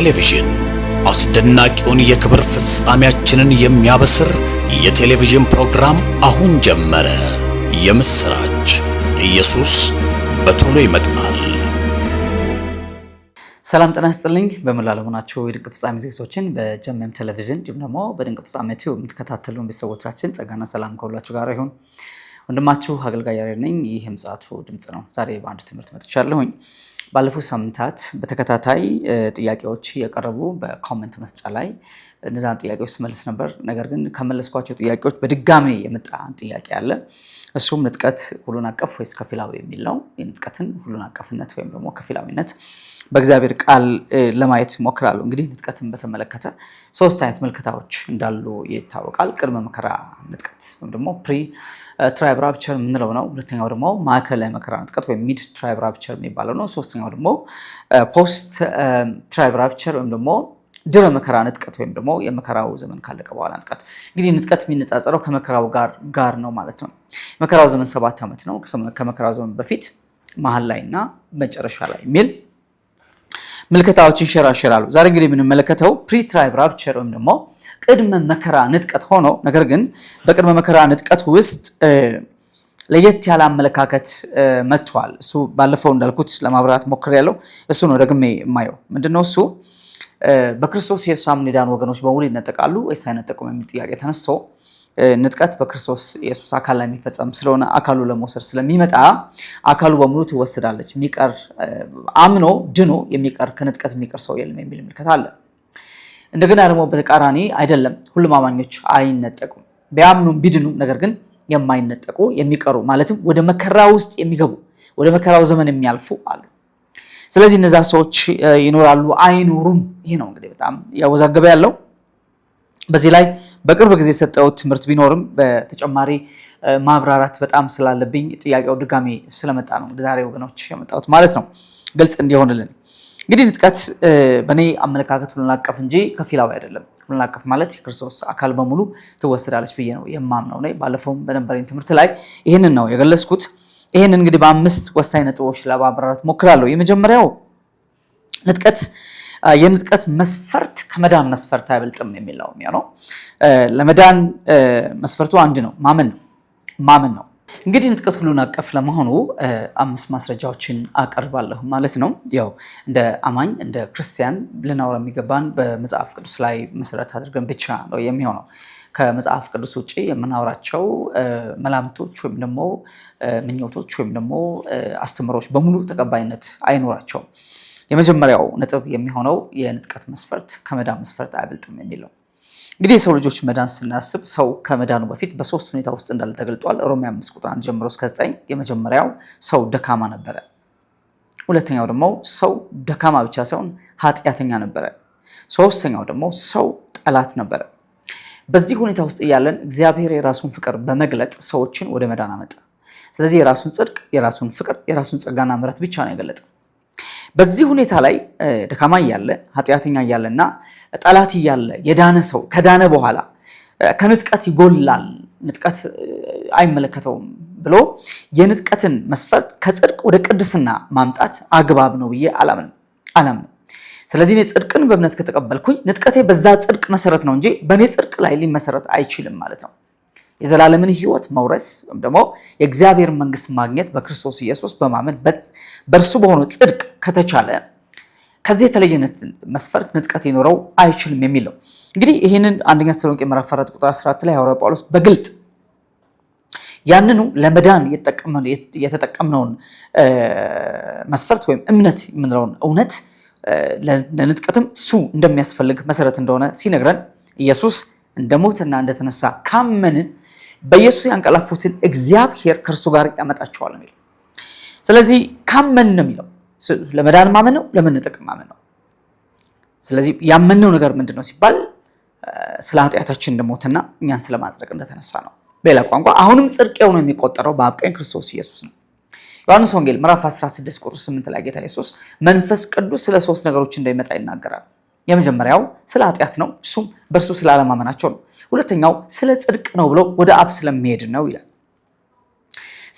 ቴሌቪዥን አስደናቂውን የክብር ፍጻሜያችንን የሚያበስር የቴሌቪዥን ፕሮግራም አሁን ጀመረ። የምስራች! ኢየሱስ በቶሎ ይመጣል። ሰላም ጤና ይስጥልኝ። በመላ ዓለም ሆናችሁ የድንቅ ፍጻሜ ዝግጅቶችን በጀመም ቴሌቪዥን እንዲሁም ደግሞ በድንቅ ፍጻሜ ቲዩብ የምትከታተሉን ቤተሰቦቻችን ጸጋና ሰላም ከሁላችሁ ጋር ይሁን። ወንድማችሁ አገልጋይ ያሬድ ነኝ። ይህ ምጽአቱ ድምፅ ነው። ዛሬ በአንድ ትምህርት መጥቻለሁኝ። ባለፉት ሳምንታት በተከታታይ ጥያቄዎች የቀረቡ በኮመንት መስጫ ላይ እነዛን ጥያቄዎች ስመልስ ነበር። ነገር ግን ከመለስኳቸው ጥያቄዎች በድጋሜ የመጣ ጥያቄ አለ። እሱም ንጥቀት ሁሉን አቀፍ ወይስ ከፊላዊ የሚል ነው። የንጥቀትን ሁሉን አቀፍነት ወይም ደግሞ ከፊላዊነት በእግዚአብሔር ቃል ለማየት ይሞክራሉ። እንግዲህ ንጥቀትን በተመለከተ ሶስት አይነት ምልከታዎች እንዳሉ ይታወቃል። ቅድመ መከራ ንጥቀት ወይም ደግሞ ፕሪ ትራይብ ራፕቸር የምንለው ነው። ሁለተኛው ደግሞ ማዕከላዊ መከራ ንጥቀት ወይም ሚድ ትራይብ ራፕቸር የሚባለው ነው። ሶስተኛው ደግሞ ፖስት ትራይብ ራፕቸር ወይም ደግሞ ድረ መከራ ንጥቀት ወይም ደግሞ የመከራው ዘመን ካለቀ በኋላ ንጥቀት። እንግዲህ ንጥቀት የሚነጻጸረው ከመከራው ጋር ጋር ነው ማለት ነው። መከራው ዘመን ሰባት ዓመት ነው። ከመከራው ዘመን በፊት መሀል ላይ እና መጨረሻ ላይ የሚል ምልከታዎች ይንሸራሸራሉ። ዛሬ እንግዲህ የምንመለከተው ፕሪትራይብ ራፕቸር ወይም ደግሞ ቅድመ መከራ ንጥቀት ሆኖ ነገር ግን በቅድመ መከራ ንጥቀት ውስጥ ለየት ያለ አመለካከት መጥቷል። እሱ ባለፈው እንዳልኩት ለማብራት ሞክሬያለሁ። እሱ ነው ደግሜ የማየው ምንድነው እሱ በክርስቶስ ኢየሱስ አምኒዳን ወገኖች በሙሉ ይነጠቃሉ ወይስ አይነጠቁም የሚል ጥያቄ ተነስቶ ንጥቀት በክርስቶስ ኢየሱስ አካል ላይ የሚፈጸም ስለሆነ አካሉ ለመውሰድ ስለሚመጣ አካሉ በሙሉ ትወስዳለች። የሚቀር አምኖ ድኖ የሚቀር ከንጥቀት የሚቀር ሰው የለም የሚል ምልከት አለ። እንደገና ደግሞ በተቃራኒ አይደለም፣ ሁሉም አማኞች አይነጠቁም። ቢያምኑም ቢድኑም፣ ነገር ግን የማይነጠቁ የሚቀሩ ማለትም ወደ መከራ ውስጥ የሚገቡ ወደ መከራው ዘመን የሚያልፉ አሉ። ስለዚህ እነዛ ሰዎች ይኖራሉ አይኖሩም? ይሄ ነው እንግዲህ በጣም ያወዛገበ ያለው በዚህ ላይ በቅርብ ጊዜ የሰጠው ትምህርት ቢኖርም በተጨማሪ ማብራራት በጣም ስላለብኝ ጥያቄው ድጋሜ ስለመጣ ነው ዛሬ ወገኖች ያመጣሁት ማለት ነው፣ ግልጽ እንዲሆንልን። እንግዲህ ንጥቀት በእኔ አመለካከት ሁሉን አቀፍ እንጂ ከፊላዊ አይደለም። ሁሉን አቀፍ ማለት የክርስቶስ አካል በሙሉ ትወሰዳለች ብዬ ነው የማምነው። ባለፈውም በነበረኝ ትምህርት ላይ ይህንን ነው የገለጽኩት። ይህን እንግዲህ በአምስት ወሳኝ ነጥቦች ለማብራራት ሞክራለሁ። የመጀመሪያው ንጥቀት የንጥቀት መስፈርት ከመዳን መስፈርት አይበልጥም የሚለው የሚሆነው ለመዳን መስፈርቱ አንድ ነው፣ ማመን ነው። ማመን ነው። እንግዲህ ንጥቀት ሁሉን አቀፍ ለመሆኑ አምስት ማስረጃዎችን አቀርባለሁ ማለት ነው። ያው እንደ አማኝ እንደ ክርስቲያን ልናወራ የሚገባን በመጽሐፍ ቅዱስ ላይ መሰረት አድርገን ብቻ ነው የሚሆነው። ከመጽሐፍ ቅዱስ ውጭ የምናወራቸው መላምቶች ወይም ደግሞ ምኞቶች ወይም ደግሞ አስተምሮች በሙሉ ተቀባይነት አይኖራቸውም። የመጀመሪያው ነጥብ የሚሆነው የንጥቀት መስፈርት ከመዳን መስፈርት አያበልጥም የሚለው። እንግዲህ የሰው ልጆች መዳን ስናስብ ሰው ከመዳኑ በፊት በሶስት ሁኔታ ውስጥ እንዳለ ተገልጧል። ሮሜ አምስት ቁጥር አንድ ጀምሮ እስከ ዘጠኝ የመጀመሪያው ሰው ደካማ ነበረ። ሁለተኛው ደግሞ ሰው ደካማ ብቻ ሳይሆን ኃጢአተኛ ነበረ። ሶስተኛው ደግሞ ሰው ጠላት ነበረ። በዚህ ሁኔታ ውስጥ እያለን እግዚአብሔር የራሱን ፍቅር በመግለጥ ሰዎችን ወደ መዳን አመጣ። ስለዚህ የራሱን ጽድቅ፣ የራሱን ፍቅር፣ የራሱን ጸጋና ምሕረት ብቻ ነው የገለጠው። በዚህ ሁኔታ ላይ ደካማ እያለ ኃጢአተኛ እያለ እና ጠላት እያለ የዳነ ሰው ከዳነ በኋላ ከንጥቀት ይጎላል፣ ንጥቀት አይመለከተውም ብሎ የንጥቀትን መስፈርት ከጽድቅ ወደ ቅድስና ማምጣት አግባብ ነው ብዬ አላምንም አላምንም። ስለዚህ እኔ ጽድቅን በእምነት ከተቀበልኩኝ ንጥቀቴ በዛ ጽድቅ መሰረት ነው እንጂ በእኔ ጽድቅ ላይ ሊመሰረት አይችልም ማለት ነው። የዘላለምን ህይወት መውረስ ወይም ደግሞ የእግዚአብሔር መንግስት ማግኘት በክርስቶስ ኢየሱስ በማመን በእርሱ በሆነ ጽድቅ ከተቻለ ከዚህ የተለየ መስፈርት ንጥቀት ሊኖረው አይችልም የሚል ነው። እንግዲህ ይህንን አንደኛ ተሰሎንቄ ምዕራፍ 4 ቁጥር 14 ላይ ሐዋርያው ጳውሎስ በግልጥ ያንኑ ለመዳን የተጠቀምነውን መስፈርት ወይም እምነት የምንለውን እውነት ለንጥቀትም እሱ እንደሚያስፈልግ መሰረት እንደሆነ ሲነግረን ኢየሱስ እንደሞተና እንደተነሳ ካመንን በኢየሱስ ያንቀላፉትን እግዚአብሔር ከእርሱ ጋር ያመጣቸዋል የሚለው ስለዚህ ካመን ነው የሚለው ለመዳን ማመን ነው፣ ለመነጠቅ ማመን ነው። ስለዚህ ያመንነው ነገር ምንድን ነው ሲባል ስለ ኃጢአታችን እንደሞትና እኛን ስለ እንደተነሳ ነው። በሌላ ቋንቋ አሁንም ጽድቅ የሆነ የሚቆጠረው በአብ ቀኝ ክርስቶስ ኢየሱስ ነው። ዮሐንስ ወንጌል ምዕራፍ 16 ቁጥር 8 ላይ ጌታ ኢየሱስ መንፈስ ቅዱስ ስለ ሶስት ነገሮች እንደሚመጣ ይናገራል። የመጀመሪያው ስለ ኃጢአት ነው፣ እሱም በእርሱ ስላለማመናቸው ነው። ሁለተኛው ስለ ጽድቅ ነው ብሎ ወደ አብ ስለሚሄድ ነው ይላል።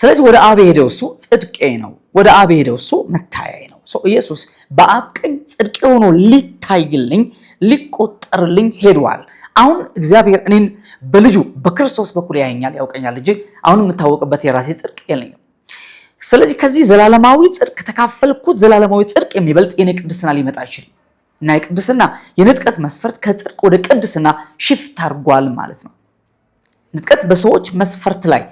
ስለዚህ ወደ አብ የሄደው እሱ ጽድቄ ነው፣ ወደ አብ የሄደው እሱ መታያዬ ነው። ኢየሱስ በአብ ቀኝ ጽድቄ ሆኖ ሊታይልኝ ሊቆጠርልኝ ሄዷል። አሁን እግዚአብሔር እኔን በልጁ በክርስቶስ በኩል ያየኛል፣ ያውቀኛል እንጂ አሁን የምታወቅበት የራሴ ጽድቅ የለኝም። ስለዚህ ከዚህ ዘላለማዊ ጽድቅ ከተካፈልኩት ዘላለማዊ ጽድቅ የሚበልጥ የኔ ቅድስና ሊመጣ አይችልም። እና የቅድስና የንጥቀት መስፈርት ከጽድቅ ወደ ቅድስና ሽፍት አድርጓል ማለት ነው። ንጥቀት በሰዎች መስፈርት ላይ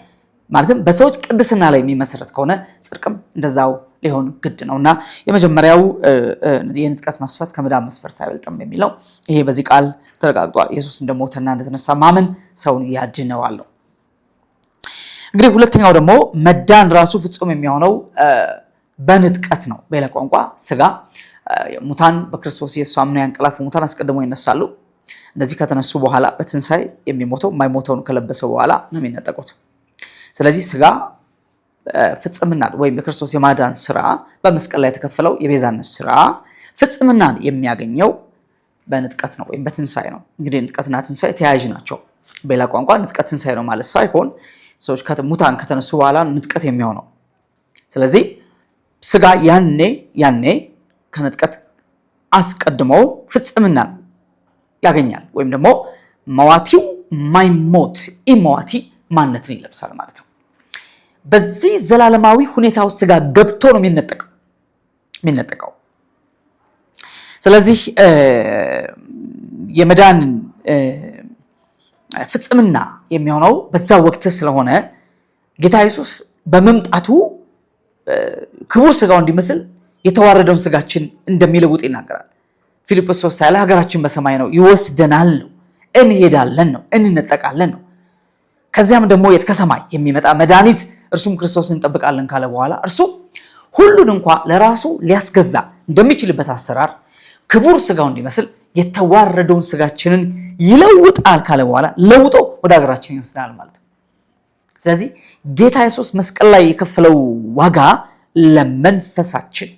ማለትም በሰዎች ቅድስና ላይ የሚመሰረት ከሆነ ጽድቅም እንደዛው ሊሆን ግድ ነው እና የመጀመሪያው የንጥቀት መስፈርት ከምዳን መስፈርት አይበልጥም የሚለው ይሄ በዚህ ቃል ተረጋግጧል። ኢየሱስ እንደሞተና እንደተነሳ ማመን ሰውን ያድነዋል። እንግዲህ ሁለተኛው ደግሞ መዳን ራሱ ፍጹም የሚሆነው በንጥቀት ነው። በሌላ ቋንቋ ስጋ ሙታን በክርስቶስ ኢየሱስ አምነው ያንቀላፉ ሙታን አስቀድሞ ይነሳሉ። እነዚህ ከተነሱ በኋላ በትንሳኤ የሚሞተው የማይሞተውን ከለበሰ በኋላ ነው የሚነጠቁት። ስለዚህ ስጋ ፍጽምና ወይም የክርስቶስ የማዳን ስራ በመስቀል ላይ የተከፈለው የቤዛነት ስራ ፍጽምናን የሚያገኘው በንጥቀት ነው ወይም በትንሳኤ ነው። እንግዲህ ንጥቀትና ትንሣኤ ተያያዥ ናቸው። በሌላ ቋንቋ ንጥቀት ትንሣኤ ነው ማለት ሳይሆን ሰዎች ሙታን ከተነሱ በኋላ ንጥቀት የሚሆነው ስለዚህ ስጋ ያኔ ያኔ ከንጥቀት አስቀድሞ ፍጽምናን ያገኛል ወይም ደግሞ መዋቲው ማይሞት ኢመዋቲ ማንነትን ይለብሳል ማለት ነው። በዚህ ዘላለማዊ ሁኔታ ውስጥ ጋር ገብቶ ነው የሚነጠቀው። ስለዚህ የመዳን ፍጽምና የሚሆነው በዛ ወቅት ስለሆነ ጌታ ኢየሱስ በመምጣቱ ክቡር ስጋው እንዲመስል የተዋረደውን ስጋችን እንደሚለውጥ ይናገራል። ፊልጵስ 3 ያለ ሀገራችን በሰማይ ነው፣ ይወስደናል ነው፣ እንሄዳለን ነው፣ እንነጠቃለን ነው። ከዚያም ደግሞ የት ከሰማይ የሚመጣ መድኃኒት እርሱም ክርስቶስን እንጠብቃለን ካለ በኋላ እርሱ ሁሉን እንኳ ለራሱ ሊያስገዛ እንደሚችልበት አሰራር ክቡር ስጋው እንዲመስል የተዋረደውን ስጋችንን ይለውጣል ካለ በኋላ ለውጦ ወደ ሀገራችን ይወስደናል ማለት ነው። ስለዚህ ጌታ የሱስ መስቀል ላይ የከፈለው ዋጋ ለመንፈሳችን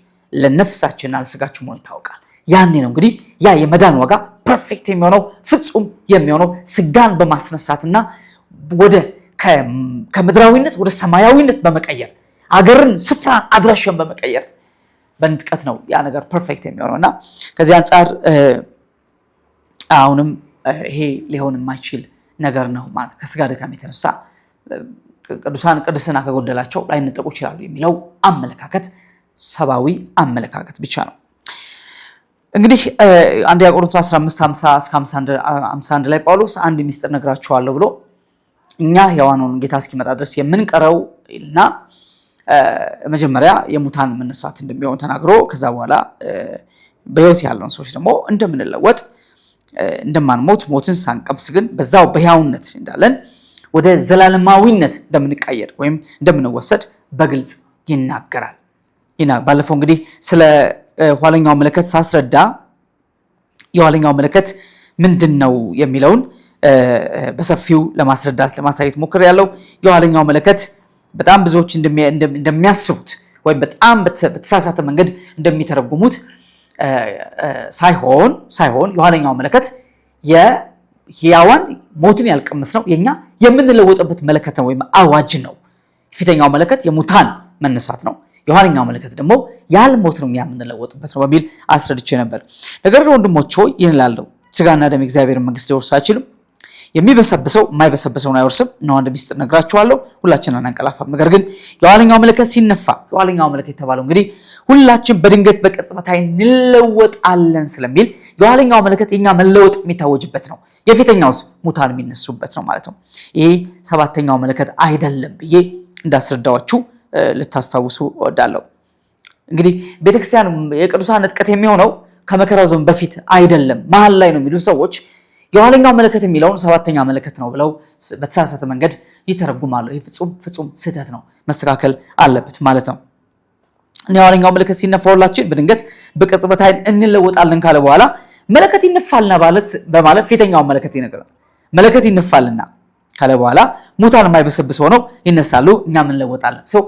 ለነፍሳችንና ለስጋችን መሆኑ ይታወቃል። ያኔ ነው እንግዲህ ያ የመዳን ዋጋ ፐርፌክት የሚሆነው ፍጹም የሚሆነው ስጋን በማስነሳትና ወደ ከምድራዊነት ወደ ሰማያዊነት በመቀየር አገርን፣ ስፍራን፣ አድራሻን በመቀየር በንጥቀት ነው ያ ነገር ፐርፌክት የሚሆነው እና ከዚህ አንጻር አሁንም ይሄ ሊሆን የማይችል ነገር ነው ከስጋ ድካም የተነሳ ቅዱሳን ቅድስና ከጎደላቸው ላይነጠቁ ይችላሉ የሚለው አመለካከት ሰብአዊ አመለካከት ብቻ ነው። እንግዲህ አንደኛ ቆሮንቶስ 15 51 ላይ ጳውሎስ አንድ ሚስጥር ነግራችኋለሁ ብሎ እኛ ሕያዋኑን ጌታ እስኪመጣ ድረስ የምንቀረው እና መጀመሪያ የሙታን መነሳት እንደሚሆን ተናግሮ ከዛ በኋላ በሕይወት ያለውን ሰዎች ደግሞ እንደምንለወጥ እንደማንሞት ሞትን ሳንቀምስ ግን በዛው በሕያውነት እንዳለን ወደ ዘላለማዊነት እንደምንቀየር ወይም እንደምንወሰድ በግልጽ ይናገራል። ይና ባለፈው እንግዲህ ስለ ኋለኛው መለከት ሳስረዳ የኋለኛው ምልከት ምንድን ነው የሚለውን በሰፊው ለማስረዳት ለማሳየት ሞክር ያለው የኋለኛው መለከት በጣም ብዙዎች እንደሚያስቡት ወይም በጣም በተሳሳተ መንገድ እንደሚተረጉሙት ሳይሆን ሳይሆን የኋለኛው መለከት የህያዋን ሞትን ያልቀምስ ነው የኛ የምንለወጥበት መለከት ነው ወይም አዋጅ ነው። ፊተኛው መለከት የሙታን መነሳት ነው። የኋለኛው ምልክት ደግሞ ያልሞት ነው እኛ የምንለወጥበት ነው በሚል አስረድቼ ነበር። ነገር ግን ወንድሞች ሆይ ይህን ላለው ስጋና ደም እግዚአብሔር መንግስት ሊወርስ አይችልም። የሚበሰብሰው የማይበሰብሰውን አይወርስም ነው። አንድ ሚስጥር ነግራችኋለሁ። ሁላችን አናንቀላፋም። ነገር ግን የኋለኛው መለከት ሲነፋ የኋለኛው መለከት የተባለው እንግዲህ ሁላችን በድንገት በቅጽበት እንለወጣለን ስለሚል የኋለኛው መለከት የኛ መለወጥ የሚታወጅበት ነው። የፊተኛውስ ሙታን የሚነሱበት ነው ማለት ነው። ይሄ ሰባተኛው መለከት አይደለም ብዬ እንዳስረዳዋችሁ ልታስታውሱ እወዳለሁ። እንግዲህ ቤተክርስቲያን የቅዱሳን ንጥቀት የሚሆነው ከመከራው ዘመን በፊት አይደለም መሀል ላይ ነው የሚሉ ሰዎች የኋለኛው መለከት የሚለውን ሰባተኛ መለከት ነው ብለው በተሳሳተ መንገድ ይተረጉማሉ። ይህ ፍጹም ፍጹም ስህተት ነው፣ መስተካከል አለበት ማለት ነው። የኋለኛው መለከት ሲነፋ ሁላችን በድንገት በቅጽበት ዓይን እንለወጣለን ካለ በኋላ መለከት ይነፋልና በማለት ፊተኛውን መለከት ይነግራል። መለከት ይነፋልና ካለ በኋላ ሙታን የማይበሰብስ ሆነው ይነሳሉ፣ እኛም እንለወጣለን። ሰው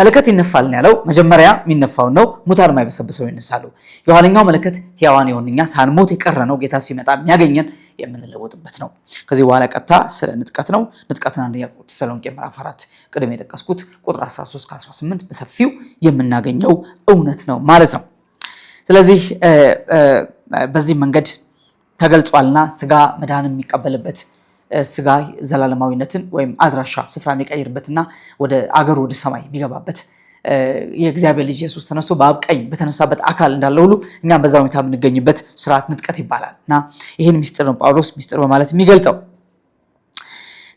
መለከት ይነፋልን ያለው መጀመሪያ የሚነፋውን ነው። ሙታን የማይበሰብሰው ይነሳሉ። የኋለኛው መለከት ሕያዋን የሆንን እኛ ሳንሞት የቀረ ነው። ጌታ ሲመጣ የሚያገኘን የምንለወጥበት ነው። ከዚህ በኋላ ቀጥታ ስለ ንጥቀት ነው። ንጥቀትን አንደኛ ተሰሎንቄ ምዕራፍ አራት ቅድም የጠቀስኩት ቁጥር 13 ከ18 በሰፊው የምናገኘው እውነት ነው ማለት ነው። ስለዚህ በዚህ መንገድ ተገልጿልና ስጋ መዳን የሚቀበልበት ስጋ ዘላለማዊነትን ወይም አድራሻ ስፍራ የሚቀይርበትና ወደ አገሩ ወደ ሰማይ የሚገባበት የእግዚአብሔር ልጅ ኢየሱስ ተነስቶ በአብ ቀኝ በተነሳበት አካል እንዳለ ሁሉ እኛም በዛ ሁኔታ የምንገኝበት ስርዓት ንጥቀት ይባላል እና ይህን ሚስጥር ነው ጳውሎስ ሚስጥር በማለት የሚገልጠው።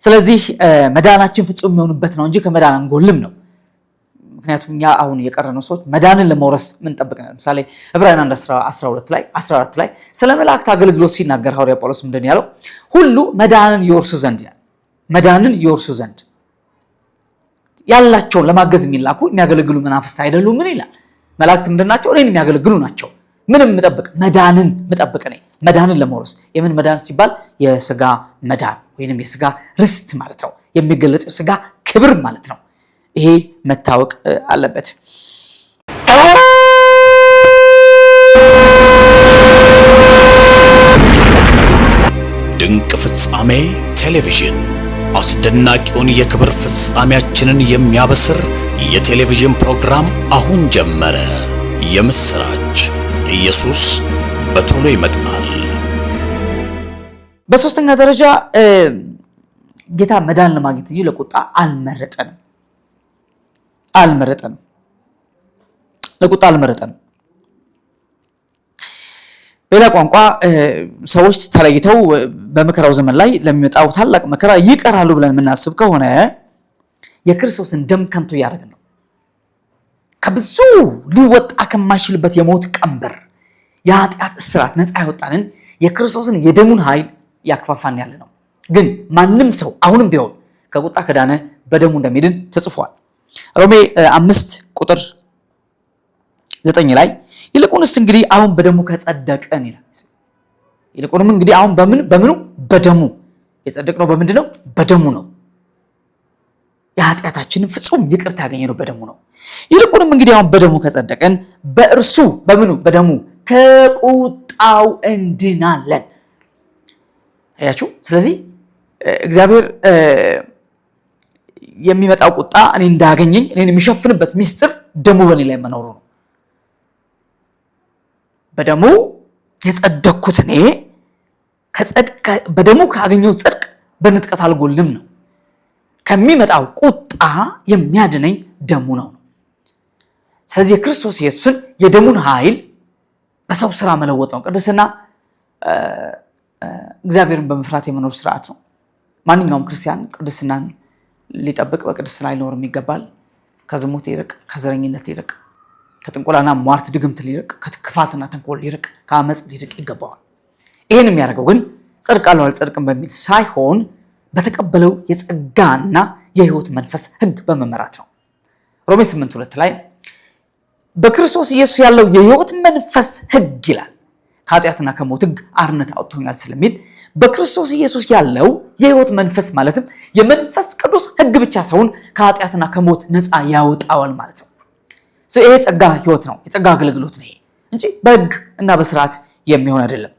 ስለዚህ መዳናችን ፍጹም የሚሆኑበት ነው እንጂ ከመዳን አንጎልም ነው። ምክንያቱም እኛ አሁን የቀረነው ሰዎች መዳንን ለመውረስ ምንጠብቅ ነው። ለምሳሌ ዕብራውያን 12 ላይ 14 ላይ ስለ መላእክት አገልግሎት ሲናገር ሐዋርያ ጳውሎስ ምንድን ያለው? ሁሉ መዳንን ይወርሱ ዘንድ መዳንን ይወርሱ ዘንድ ያላቸውን ለማገዝ የሚላኩ የሚያገለግሉ መናፍስት አይደሉም። ምን ይላል? መላእክት ምንድን ናቸው? እኔን የሚያገለግሉ ናቸው። ምንም ምጠብቅ መዳንን ምጠብቅ ነኝ። መዳንን ለመውረስ የምን መዳን ሲባል የስጋ መዳን ወይንም የስጋ ርስት ማለት ነው። የሚገለጥ ስጋ ክብር ማለት ነው። ይሄ መታወቅ አለበት። ድንቅ ፍጻሜ ቴሌቪዥን አስደናቂውን የክብር ፍጻሜያችንን የሚያበስር የቴሌቪዥን ፕሮግራም አሁን ጀመረ። የምስራች ኢየሱስ በቶሎ ይመጣል። በሶስተኛ ደረጃ ጌታ መዳን ለማግኘት እንጂ ለቁጣ አልመረጠንም። አልመረጠንም፣ ለቁጣ አልመረጠንም። በሌላ ቋንቋ ሰዎች ተለይተው በመከራው ዘመን ላይ ለሚመጣው ታላቅ መከራ ይቀራሉ ብለን የምናስብ ከሆነ የክርስቶስን ደም ከንቱ እያደረግን ነው። ከብዙ ሊወጣ ከማይችልበት የሞት ቀንበር፣ የኃጢአት እስራት ነፃ ያወጣንን የክርስቶስን የደሙን ኃይል ያክፋፋን ያለ ነው። ግን ማንም ሰው አሁንም ቢሆን ከቁጣ ከዳነ በደሙ እንደሚድን ተጽፏል። ሮሜ አምስት ቁጥር ዘጠኝ ላይ ይልቁንስ እንግዲህ አሁን በደሙ ከጸደቀን ይላል። ይልቁንም እንግዲህ አሁን በምን በምኑ በደሙ የጸደቅነው በምንድ ነው? በደሙ ነው። የኃጢአታችንን ፍጹም ይቅርታ ያገኘነው በደሙ ነው። ይልቁንም እንግዲህ አሁን በደሙ ከጸደቀን በእርሱ በምኑ በደሙ ከቁጣው እንድናለን። አያችሁ። ስለዚህ እግዚአብሔር የሚመጣው ቁጣ እኔ እንዳገኘኝ እኔን የሚሸፍንበት ሚስጥር ደሙ በእኔ ላይ መኖሩ ነው። በደሙ የጸደኩት እኔ በደሙ ካገኘው ጽድቅ በንጥቀት አልጎልም ነው። ከሚመጣው ቁጣ የሚያድነኝ ደሙ ነው። ስለዚህ የክርስቶስ ኢየሱስን የደሙን ኃይል በሰው ስራ መለወጥ ነው። ቅድስና እግዚአብሔርን በመፍራት የመኖር ስርዓት ነው። ማንኛውም ክርስቲያን ቅድስናን ሊጠብቅ በቅድስና ሊኖርም ይገባል። ከዝሙት ሊርቅ፣ ከዘረኝነት ሊርቅ፣ ከጥንቆላና ሟርት ድግምት ሊርቅ፣ ከክፋትና ተንኮል ሊርቅ፣ ከአመፅ ሊርቅ ይገባዋል። ይህን የሚያደርገው ግን ጽድቅ አለው አልጸድቅም በሚል ሳይሆን በተቀበለው የጸጋና የህይወት መንፈስ ህግ በመመራት ነው። ሮሜ 8 2 ላይ በክርስቶስ ኢየሱስ ያለው የህይወት መንፈስ ህግ ይላል ከኃጢአትና ከሞት ህግ አርነት አውጥቶኛል ስለሚል በክርስቶስ ኢየሱስ ያለው የህይወት መንፈስ ማለትም የመንፈስ ቅዱስ ህግ ብቻ ሰውን ከኃጢአትና ከሞት ነፃ ያወጣዋል ማለት ነው። ይሄ ጸጋ ህይወት ነው፣ የጸጋ አገልግሎት ነው እንጂ በህግ እና በስርዓት የሚሆን አይደለም።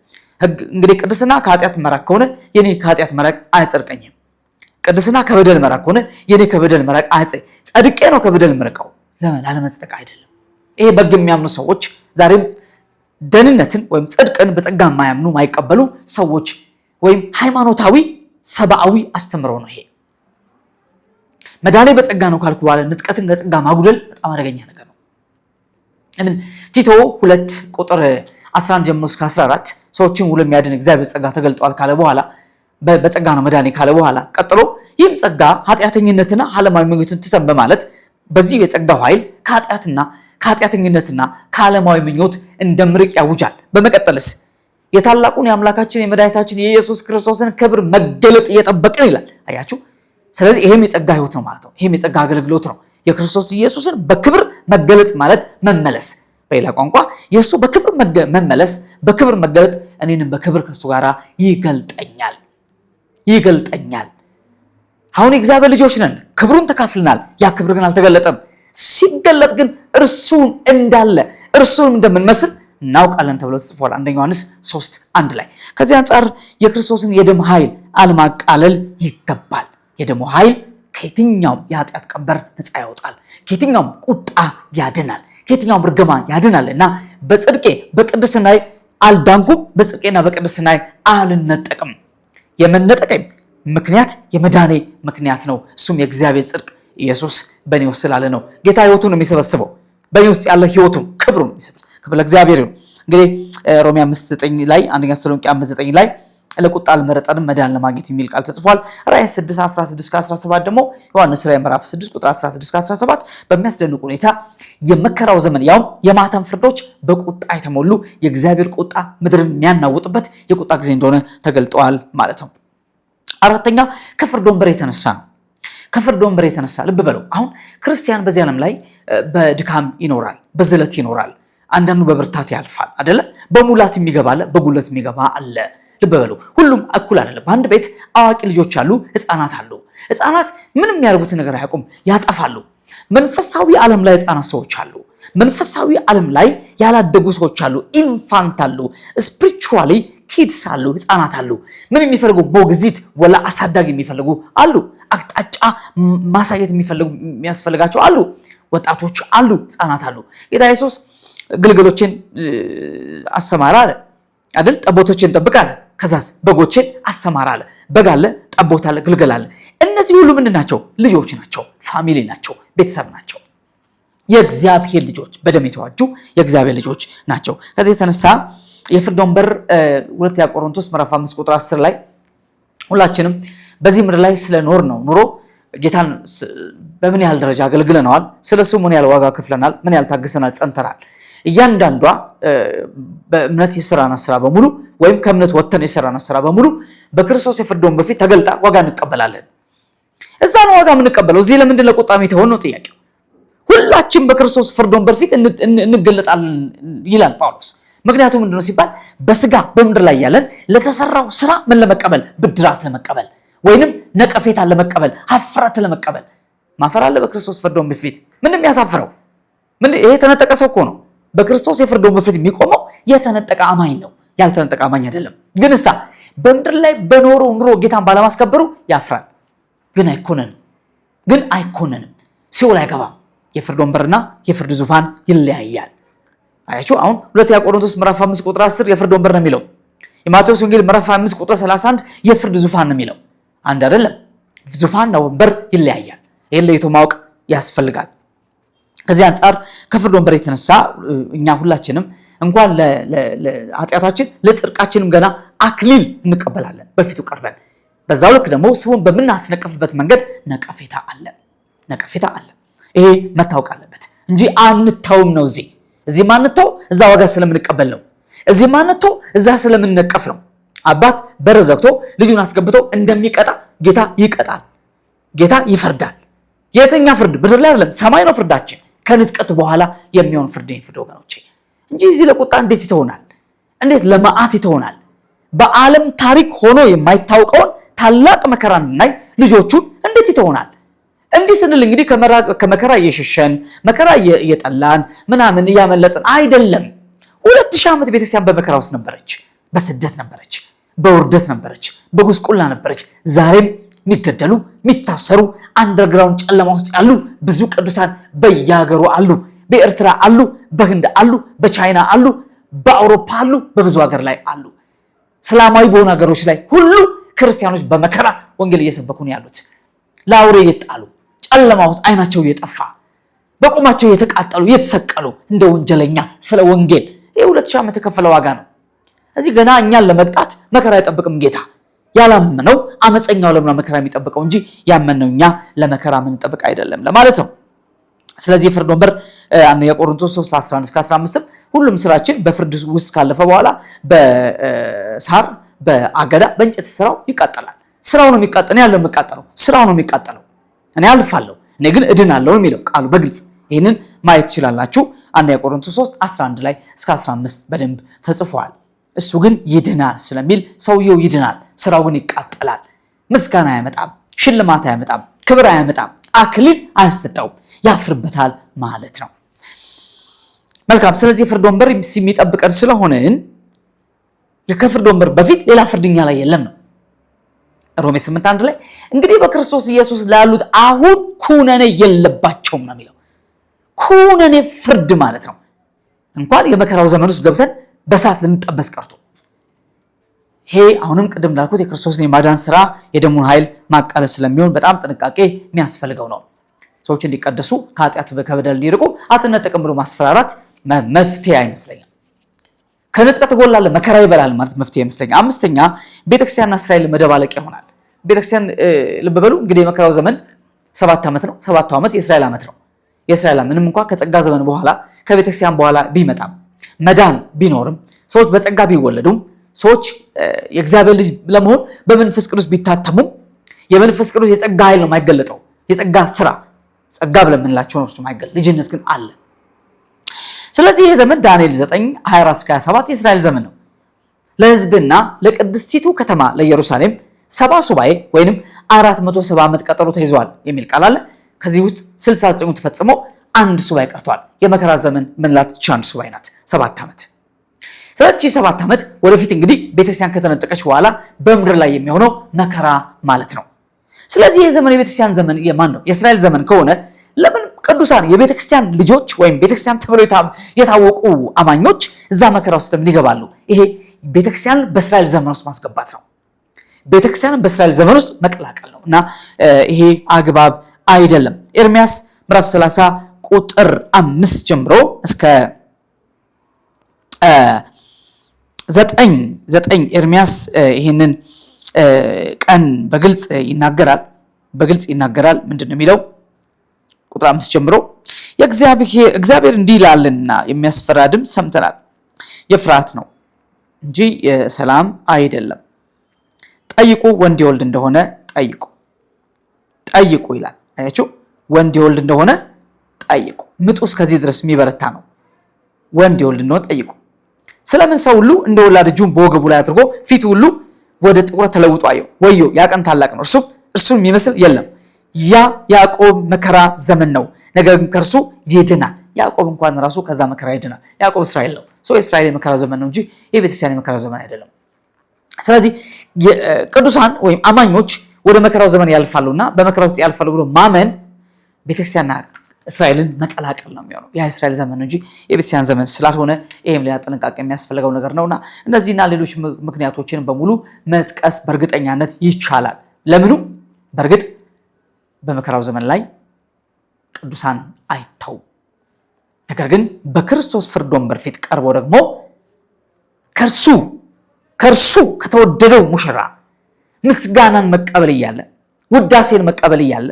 ህግ እንግዲህ ቅድስና ከኃጢአት መራቅ ከሆነ የኔ ከኃጢአት መራቅ አያጸድቀኝም። ቅድስና ከበደል መራቅ ከሆነ የኔ ከበደል መራቅ አያጸ ጸድቄ ነው ከበደል መርቀው ላለመጽደቅ አይደለም። ይሄ በሕግ የሚያምኑ ሰዎች ዛሬም ደህንነትን ወይም ጽድቅን በጸጋ የማያምኑ ማይቀበሉ ሰዎች ወይም ሃይማኖታዊ ሰብአዊ አስተምሮ ነው። ይሄ መዳኔ በጸጋ ነው ካልኩ በኋላ ንጥቀትን ከጸጋ ማጉደል በጣም አደገኛ ነገር ነው። ለምን ቲቶ ሁለት ቁጥር 11 ጀምሮ እስከ 14 ሰዎችን ሁሉ የሚያድን እግዚአብሔር ጸጋ ተገልጧል ካለ በኋላ በጸጋ ነው መዳኔ ካለ በኋላ ቀጥሎ ይህም ጸጋ ኃጢአተኝነትና ምኞትን ትተን በማለት በዚህ የጸጋው ኃይል ከኃጢአትና ከኃጢአተኝነትና ከዓለማዊ ምኞት እንደምርቅ ያውጃል። በመቀጠልስ የታላቁን የአምላካችን የመድኃኒታችን የኢየሱስ ክርስቶስን ክብር መገለጥ እየጠበቅን ይላል። አያችሁ። ስለዚህ ይሄም የጸጋ ህይወት ነው ማለት ነው። ይሄም የጸጋ አገልግሎት ነው። የክርስቶስ ኢየሱስን በክብር መገለጥ ማለት መመለስ፣ በሌላ ቋንቋ የእሱ በክብር መመለስ፣ በክብር መገለጥ እኔንም በክብር ከእሱ ጋር ይገልጠኛል ይገልጠኛል። አሁን የእግዚአብሔር ልጆች ነን፣ ክብሩን ተካፍልናል። ያ ክብር ግን አልተገለጠም። ሲገለጥ ግን እርሱን እንዳለ እርሱንም እንደምንመስል እናውቃለን ተብሎ ተጽፏል። አንደኛ ዮሐንስ ሶስት አንድ ላይ ከዚህ አንጻር የክርስቶስን የደም ኃይል አለማቃለል ይገባል። የደሙ ኃይል ከየትኛውም የኃጢአት ቀንበር ነፃ ያወጣል፣ ከየትኛውም ቁጣ ያድናል፣ ከየትኛውም እርግማ ያድናል እና በጽድቄ በቅድስናይ አልዳንኩም፣ በጽድቄና በቅድስናይ አልነጠቅም። የመነጠቀኝ ምክንያት የመዳኔ ምክንያት ነው። እሱም የእግዚአብሔር ጽድቅ ኢየሱስ በእኔ ውስጥ ስላለ ነው። ጌታ ህይወቱን የሚሰበስበው በእኔ ውስጥ ያለ ህይወቱን ክብሩን የሚሰበስበው ክፍለ እግዚአብሔር ይሁን። እንግዲህ ሮሜ 5:9 ላይ አንደኛ ተሰሎንቄ 5:9 ላይ ለቁጣ አልመረጠንም መዳን ለማግኘት የሚል ቃል ተጽፏል። ራእይ 6 16 17 ደግሞ ዮሐንስ ራእይ ምዕራፍ 6 ቁጥር 16 17 በሚያስደንቅ ሁኔታ የመከራው ዘመን ያውም የማታም ፍርዶች በቁጣ የተሞሉ የእግዚአብሔር ቁጣ ምድርን የሚያናውጥበት የቁጣ ጊዜ እንደሆነ ተገልጠዋል ማለት ነው። አራተኛ ከፍርድ ወንበር የተነሳ ነው። ከፍርድ ወንበር የተነሳ ልብ በለው። አሁን ክርስቲያን በዚህ ዓለም ላይ በድካም ይኖራል፣ በዝለት ይኖራል፣ አንዳንዱ በብርታት ያልፋል አደለ? በሙላት የሚገባ አለ፣ በጉለት የሚገባ አለ። ልብ በሉ ሁሉም እኩል አይደለም። በአንድ ቤት አዋቂ ልጆች አሉ፣ ህፃናት አሉ። ህፃናት ምንም የሚያደርጉትን ነገር አያውቁም፣ ያጠፋሉ። መንፈሳዊ ዓለም ላይ ህፃናት ሰዎች አሉ። መንፈሳዊ ዓለም ላይ ያላደጉ ሰዎች አሉ፣ ኢንፋንት አሉ፣ ስፕሪቹዋሊ ኪድስ አሉ፣ ህፃናት አሉ። ምን የሚፈልጉ ሞግዚት ወላ አሳዳግ የሚፈልጉ አሉ። አቅጣጫ ማሳየት የሚፈልጉ የሚያስፈልጋቸው አሉ። ወጣቶች አሉ፣ ህፃናት አሉ። ጌታ ኢየሱስ ግልገሎችን አሰማራ አለ አይደል? ጠቦቶችን ጠብቅ አለ። ከዛስ በጎችን አሰማራ አለ። በግ አለ፣ ጠቦት አለ፣ ግልገል አለ። እነዚህ ሁሉ ምንድን ናቸው? ልጆች ናቸው፣ ፋሚሊ ናቸው፣ ቤተሰብ ናቸው። የእግዚአብሔር ልጆች በደም የተዋጁ የእግዚአብሔር ልጆች ናቸው። ከዚህ የተነሳ የፍርድ ወንበር ሁለተኛ ቆሮንቶስ ምዕራፍ አምስት ቁጥር አስር ላይ ሁላችንም በዚህ ምድር ላይ ስለ ኖር ነው ኑሮ ጌታን በምን ያህል ደረጃ አገልግለነዋል፣ ስለ ስሙ ምን ያህል ዋጋ ክፍለናል፣ ምን ያህል ታግሰናል፣ ጸንተናል እያንዳንዷ በእምነት የሰራና ስራ በሙሉ ወይም ከእምነት ወጥተን የሰራና ስራ በሙሉ በክርስቶስ የፍርድ በፊት ተገልጣ ዋጋ እንቀበላለን። እዛ ነው ዋጋ የምንቀበለው። እዚህ ለምንድን ለቁጣሚ ተሆን ነው ጥያቄው። ሁላችን በክርስቶስ ፍርዶን በፊት እንገለጣለን ይላል ጳውሎስ። ምክንያቱም ምንድነው ሲባል በስጋ በምድር ላይ ያለን ለተሰራው ስራ ምን ለመቀበል ብድራት ለመቀበል ወይንም ነቀፌታ ለመቀበል ሀፍረት ለመቀበል ማፈር አለ። በክርስቶስ ፍርድ በፊት ምንም ያሳፍረው ምን ይሄ የተነጠቀ ሰው እኮ ነው። በክርስቶስ የፍርድ ወንበር ፊት የሚቆመው የተነጠቀ አማኝ ነው፣ ያልተነጠቀ አማኝ አይደለም። ግን እሳ በምድር ላይ በኖረው ኑሮ ጌታን ባለማስከበሩ ያፍራል። ግን አይኮነንም፣ ግን አይኮነንም፣ ሲኦል አይገባም። የፍርድ ወንበርና የፍርድ ዙፋን ይለያያል። አያችሁ አሁን ሁለተኛ ቆሮንቶስ ምዕራፍ 5 ቁጥር 10 የፍርድ ወንበር ነው የሚለው። የማቴዎስ ወንጌል ምዕራፍ 5 ቁጥር 31 የፍርድ ዙፋን ነው የሚለው። አንድ አይደለም፣ ዙፋንና ወንበር ይለያያል። ይህን ለይቶ ማወቅ ያስፈልጋል። ከዚህ አንጻር ከፍርድ ወንበር የተነሳ እኛ ሁላችንም እንኳን ለኃጢአታችን ለጽድቃችንም ገና አክሊል እንቀበላለን በፊቱ ቀርበን። በዛው ልክ ደግሞ ስሙን በምናስነቅፍበት መንገድ ነቀፌታ አለ፣ ነቀፌታ አለ። ይሄ መታወቅ አለበት እንጂ አንተውም ነው። እዚህ እዚህ ማንተው እዛ ዋጋ ስለምንቀበል ነው። እዚህ ማንተው እዛ ስለምንነቀፍ ነው። አባት በር ዘግቶ ልጁን አስገብቶ እንደሚቀጣ ጌታ ይቀጣል፣ ጌታ ይፈርዳል። የትኛ ፍርድ? ምድር ላይ አይደለም፣ ሰማይ ነው ፍርዳችን። ከንጥቀት በኋላ የሚሆን ፍርድ ፍርድ ወገኖቼ እንጂ እዚህ ለቁጣ እንዴት ይተሆናል? እንዴት ለመዓት ይተሆናል? በዓለም ታሪክ ሆኖ የማይታወቀውን ታላቅ መከራ እናይ ልጆቹን እንዴት ይተሆናል? እንዲህ ስንል እንግዲህ ከመከራ እየሸሸን መከራ እየጠላን ምናምን እያመለጥን አይደለም። ሁለት ሺህ ዓመት ቤተክርስቲያን በመከራ ውስጥ ነበረች፣ በስደት ነበረች፣ በውርደት ነበረች፣ በጉስቁላ ነበረች። ዛሬም የሚገደሉ የሚታሰሩ አንደርግራውንድ ጨለማ ውስጥ ያሉ ብዙ ቅዱሳን በያገሩ አሉ። በኤርትራ አሉ፣ በህንድ አሉ፣ በቻይና አሉ፣ በአውሮፓ አሉ፣ በብዙ ሀገር ላይ አሉ። ሰላማዊ በሆኑ ሀገሮች ላይ ሁሉ ክርስቲያኖች በመከራ ወንጌል እየሰበኩ ነው ያሉት። ለአውሬ እየጣሉ ጨለማ ውስጥ አይናቸው እየጠፋ በቁማቸው እየተቃጠሉ እየተሰቀሉ እንደ ወንጀለኛ ስለ ወንጌል ይህ ሁለት ሺህ ዓመት የከፈለ ዋጋ ነው። እዚህ ገና እኛን ለመቅጣት መከራ አይጠብቅም ጌታ ያላመነው አመፀኛው ለምና መከራ የሚጠብቀው እንጂ ያመንነው እኛ ለመከራ ምንጠብቅ አይደለም ለማለት ነው። ስለዚህ የፍርድ ወንበር አንደኛ 3 11 እስከ 15 ሁሉም ስራችን በፍርድ ውስጥ ካለፈ በኋላ በሳር በአገዳ በእንጨት ስራው ይቃጠላል። ስራው ነው የሚቃጠለው ያለው የሚቃጠለው ስራው ነው የሚቃጠለው። እኔ አልፋለሁ እኔ ግን እድናለሁ የሚለው ቃሉ በግልጽ ይህንን ማየት ትችላላችሁ። አንደኛ ቆሮንቶስ 3 11 ላይ እስከ 15 በደንብ ተጽፏል። እሱ ግን ይድናል ስለሚል ሰውየው ይድናል። ስራው ግን ይቃጠላል። ምስጋና አያመጣም፣ ሽልማት አያመጣም፣ ክብር አያመጣም፣ አክሊል አያሰጠውም። ያፍርበታል ማለት ነው። መልካም። ስለዚህ የፍርድ ወንበር የሚጠብቀን ስለሆነን ከፍርድ ወንበር በፊት ሌላ ፍርድኛ ላይ የለም ነው ሮሜ 8 አንድ ላይ እንግዲህ በክርስቶስ ኢየሱስ ላሉት አሁን ኩነኔ የለባቸውም ነው የሚለው። ኩነኔ ፍርድ ማለት ነው። እንኳን የመከራው ዘመን ውስጥ ገብተን በእሳት ልንጠበስ ቀርቶ ይሄ አሁንም ቅድም እንዳልኩት የክርስቶስን የማዳን ስራ የደሙን ኃይል ማቃለል ስለሚሆን በጣም ጥንቃቄ የሚያስፈልገው ነው። ሰዎች እንዲቀደሱ ከኃጢአት ከበደል እንዲርቁ አትነጠቅም ብሎ ማስፈራራት መፍትሄ አይመስለኛል። ከንጥቀት ትጎላለህ፣ መከራ ይበላል ማለት መፍትሄ አይመስለኛል። አምስተኛ ቤተክርስቲያንና እስራኤል መደባለቅ ይሆናል። ቤተክርስቲያን ልብ በሉ እንግዲህ የመከራው ዘመን ሰባት ዓመት ነው። ሰባቱ ዓመት የእስራኤል ዓመት ነው። የእስራኤል ምንም እንኳ ከጸጋ ዘመን በኋላ ከቤተክርስቲያን በኋላ ቢመጣም መዳን ቢኖርም ሰዎች በጸጋ ቢወለዱም ሰዎች የእግዚአብሔር ልጅ ለመሆን በመንፈስ ቅዱስ ቢታተሙም የመንፈስ ቅዱስ የጸጋ ኃይል ነው የማይገለጠው። የጸጋ ስራ ጸጋ ብለን የምንላቸው ነው ልጅነት ግን አለ። ስለዚህ ይህ ዘመን ዳንኤል 9 24-27 የእስራኤል ዘመን ነው። ለህዝብና ለቅድስቲቱ ከተማ ለኢየሩሳሌም ሰባ ሱባኤ ወይንም 470 ዓመት ቀጠሮ ተይዘዋል የሚል ቃል አለ። ከዚህ ውስጥ 69 ተፈጽሞ አንድ ሱባኤ ቀርቷል። የመከራ ዘመን ምንላት ቻንድ ሱባኤ ናት። ሰባት ዓመት። ስለዚህ ሰባት ዓመት ወደፊት እንግዲህ ቤተክርስቲያን ከተነጠቀች በኋላ በምድር ላይ የሚሆነው መከራ ማለት ነው። ስለዚህ ይህ ዘመን የቤተክርስቲያን ዘመን የማን ነው? የእስራኤል ዘመን ከሆነ ለምን ቅዱሳን የቤተክርስቲያን ልጆች ወይም ቤተክርስቲያን ተብሎ የታወቁ አማኞች እዛ መከራ ውስጥ ለምን ይገባሉ? ይሄ ቤተክርስቲያን በእስራኤል ዘመን ውስጥ ማስገባት ነው። ቤተክርስቲያን በእስራኤል ዘመን ውስጥ መቀላቀል ነው እና ይሄ አግባብ አይደለም። ኤርሚያስ ምዕራፍ 30 ቁጥር አምስት ጀምሮ እስከ ዘጠኝ ዘጠኝ ኤርሚያስ ይህንን ቀን በግልጽ ይናገራል በግልጽ ይናገራል። ምንድን ነው የሚለው? ቁጥር አምስት ጀምሮ እግዚአብሔር እንዲህ ይላልና የሚያስፈራ ድምፅ ሰምተናል። የፍርሃት ነው እንጂ የሰላም አይደለም። ጠይቁ ወንድ የወልድ እንደሆነ ጠይቁ ጠይቁ ይላል። አያችሁ ወንድ የወልድ እንደሆነ ጠይቁ። ምጡ እስከዚህ ድረስ የሚበረታ ነው። ወንድ የወልድ እንደሆነ ጠይቁ። ስለምን ሰው ሁሉ እንደ ወላድ እጁን በወገቡ ላይ አድርጎ ፊቱ ሁሉ ወደ ጥቁረት ተለውጦ አየው። ወዮ ያ ቀን ታላቅ ነው፣ እርሱ እርሱን የሚመስል የለም። ያ ያዕቆብ መከራ ዘመን ነው፣ ነገር ግን ከእርሱ ይድናል። ያዕቆብ እንኳን ራሱ ከዛ መከራ ይድናል። ያዕቆብ እስራኤል ነው። ሰው የእስራኤል የመከራ ዘመን ነው እንጂ የቤተክርስቲያን የመከራ ዘመን አይደለም። ስለዚህ ቅዱሳን ወይም አማኞች ወደ መከራው ዘመን ያልፋሉና በመከራ ውስጥ ያልፋሉ ብሎ ማመን ቤተክርስቲያን እስራኤልን መቀላቀል ነው የሚሆነው። ያ እስራኤል ዘመን እንጂ የቤተሲያን ዘመን ስላልሆነ ይህም ሌላ ጥንቃቄ የሚያስፈልገው ነገር ነውና እነዚህና ሌሎች ምክንያቶችን በሙሉ መጥቀስ በእርግጠኛነት ይቻላል። ለምኑ በእርግጥ በመከራው ዘመን ላይ ቅዱሳን አይተው? ነገር ግን በክርስቶስ ፍርድ ወንበር ፊት ቀርበው ደግሞ ከእርሱ ከእርሱ ከተወደደው ሙሽራ ምስጋናን መቀበል እያለ ውዳሴን መቀበል እያለ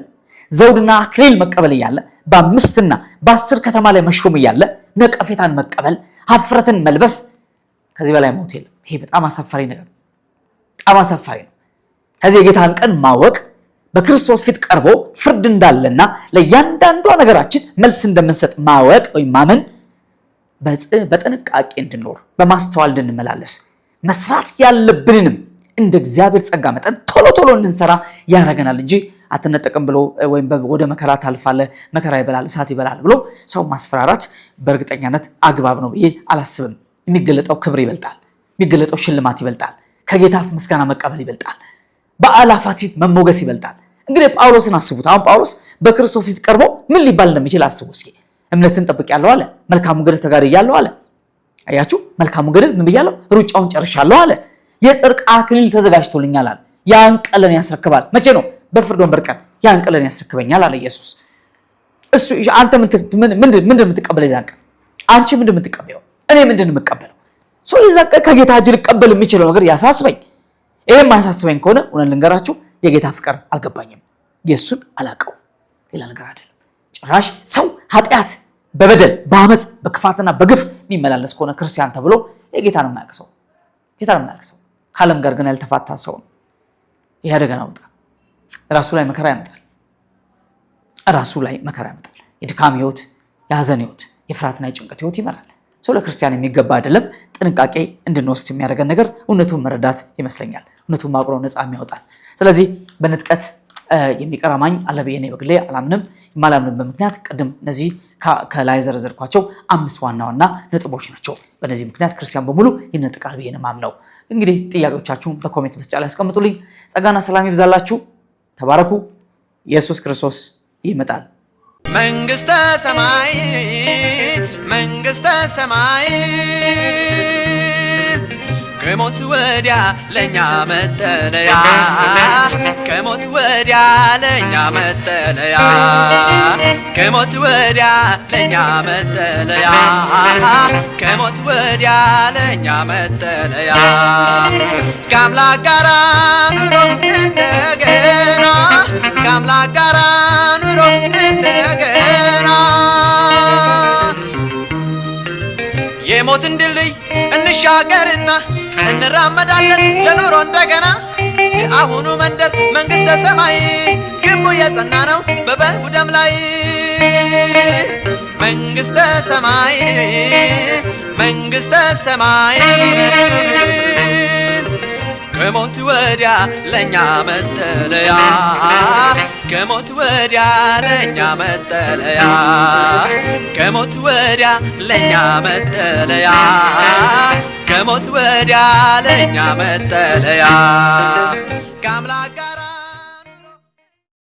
ዘውድና አክሊል መቀበል እያለ በአምስትና በአስር ከተማ ላይ መሾም እያለ ነቀፌታን መቀበል፣ ሀፍረትን መልበስ ከዚህ በላይ ሞት የለም። ይሄ በጣም አሳፋሪ ነገር፣ በጣም አሳፋሪ ነው። ከዚህ የጌታን ቀን ማወቅ በክርስቶስ ፊት ቀርቦ ፍርድ እንዳለና ለእያንዳንዷ ነገራችን መልስ እንደምንሰጥ ማወቅ ወይም ማመን በጥንቃቄ እንድኖር በማስተዋል እንድንመላለስ መስራት ያለብንንም እንደ እግዚአብሔር ጸጋ መጠን ቶሎ ቶሎ እንድንሰራ ያደርገናል እንጂ አትነጠቅም ብሎ ወይም ወደ መከራ ታልፋለህ፣ መከራ ይበላል፣ እሳት ይበላል ብሎ ሰው ማስፈራራት በእርግጠኛነት አግባብ ነው ብዬ አላስብም። የሚገለጠው ክብር ይበልጣል፣ የሚገለጠው ሽልማት ይበልጣል፣ ከጌታ አፍ ምስጋና መቀበል ይበልጣል፣ በአላፋት ፊት መሞገስ ይበልጣል። እንግዲህ ጳውሎስን አስቡት። አሁን ጳውሎስ በክርስቶስ ፊት ቀርቦ ምን ሊባል እንደሚችል አስቡ እስኪ። እምነትን ያለው አለ። መልካሙን ገድል ተጋድያለሁ አለ። አያችሁ፣ መልካሙ ገድል ምን ብያለሁ? ሩጫውን ጨርሻለሁ አለ። የጽድቅ አክሊል ተዘጋጅቶልኛል አለ። ያን ቀለን ያስረክባል። መቼ ነው? በፍርድ ወንበር ቀን ያን ቀለን ለእኔ ያስረክበኛል አለ ኢየሱስ። እሱ አንተ ምንድን የምትቀበለው የዛን ቀን? አንቺ ምንድን የምትቀበለው? እኔ ምንድን የምቀበለው? ሰው የዛን ቀን ከጌታ እጅ ልቀበል የሚችለው ነገር ያሳስበኝ። ይህም አያሳስበኝ ከሆነ እውነት ልንገራችሁ የጌታ ፍቅር አልገባኝም፣ ኢየሱስን አላቀው፣ ሌላ ነገር አይደለም። ጭራሽ ሰው ኃጢአት በበደል በአመፅ በክፋትና በግፍ የሚመላለስ ከሆነ ክርስቲያን ተብሎ የጌታ ነው የማያቅሰው ጌታ ነው የማያቅሰው ከዓለም ጋር ግን ያልተፋታ ሰው ነው። ይህ አደጋ ናውጣ ራሱ ላይ መከራ ያመጣል። ራሱ ላይ መከራ ያመጣል። የድካም ህይወት፣ የሀዘን ህይወት፣ የፍርሃትና የጭንቀት ህይወት ይመራል። ሰው ለክርስቲያን የሚገባ አይደለም። ጥንቃቄ እንድንወስድ የሚያደርገን ነገር እውነቱን መረዳት ይመስለኛል። እውነቱን ማቁረው ነፃ የሚያወጣል። ስለዚህ በንጥቀት የሚቀር አማኝ አለ ብዬ እኔ በግሌ አላምንም። የማላምንበት ምክንያት ቅድም እነዚህ ከላይ ዘረዘርኳቸው አምስት ዋና ዋና ነጥቦች ናቸው። በእነዚህ ምክንያት ክርስቲያን በሙሉ ይነጥቃል ብዬ ነው እንግዲህ ጥያቄዎቻችሁን በኮሜንት መስጫ ላይ ያስቀምጡልኝ። ጸጋና ሰላም ይብዛላችሁ። ተባረኩ። ኢየሱስ ክርስቶስ ይመጣል። መንግስተ ሰማይ መንግስተ ሰማይ ከሞት ወዲያ ለኛ መጠለያ ከሞት ወዲያ ለኛ መጠለያ ከሞት ወዲያ ለእኛ መጠለያ ከሞት ወዲያ ለኛ መጠለያ ከአምላክ ጋራ እንሻገርና እንራመዳለን ለኑሮ እንደገና የአሁኑ መንደር መንግሥተ ሰማይ ግቡ የጸና ነው በበጉ ደም ላይ መንግሥተ ሰማይ መንግሥተ ሰማይ ከሞት ወዲያ ለእኛ መጠለያ ከሞት ወዲያ ለእኛ መጠለያ ከሞት ወዲያ ለእኛ መጠለያ ከሞት ወዲያ ለእኛ መጠለያ ከአምላካ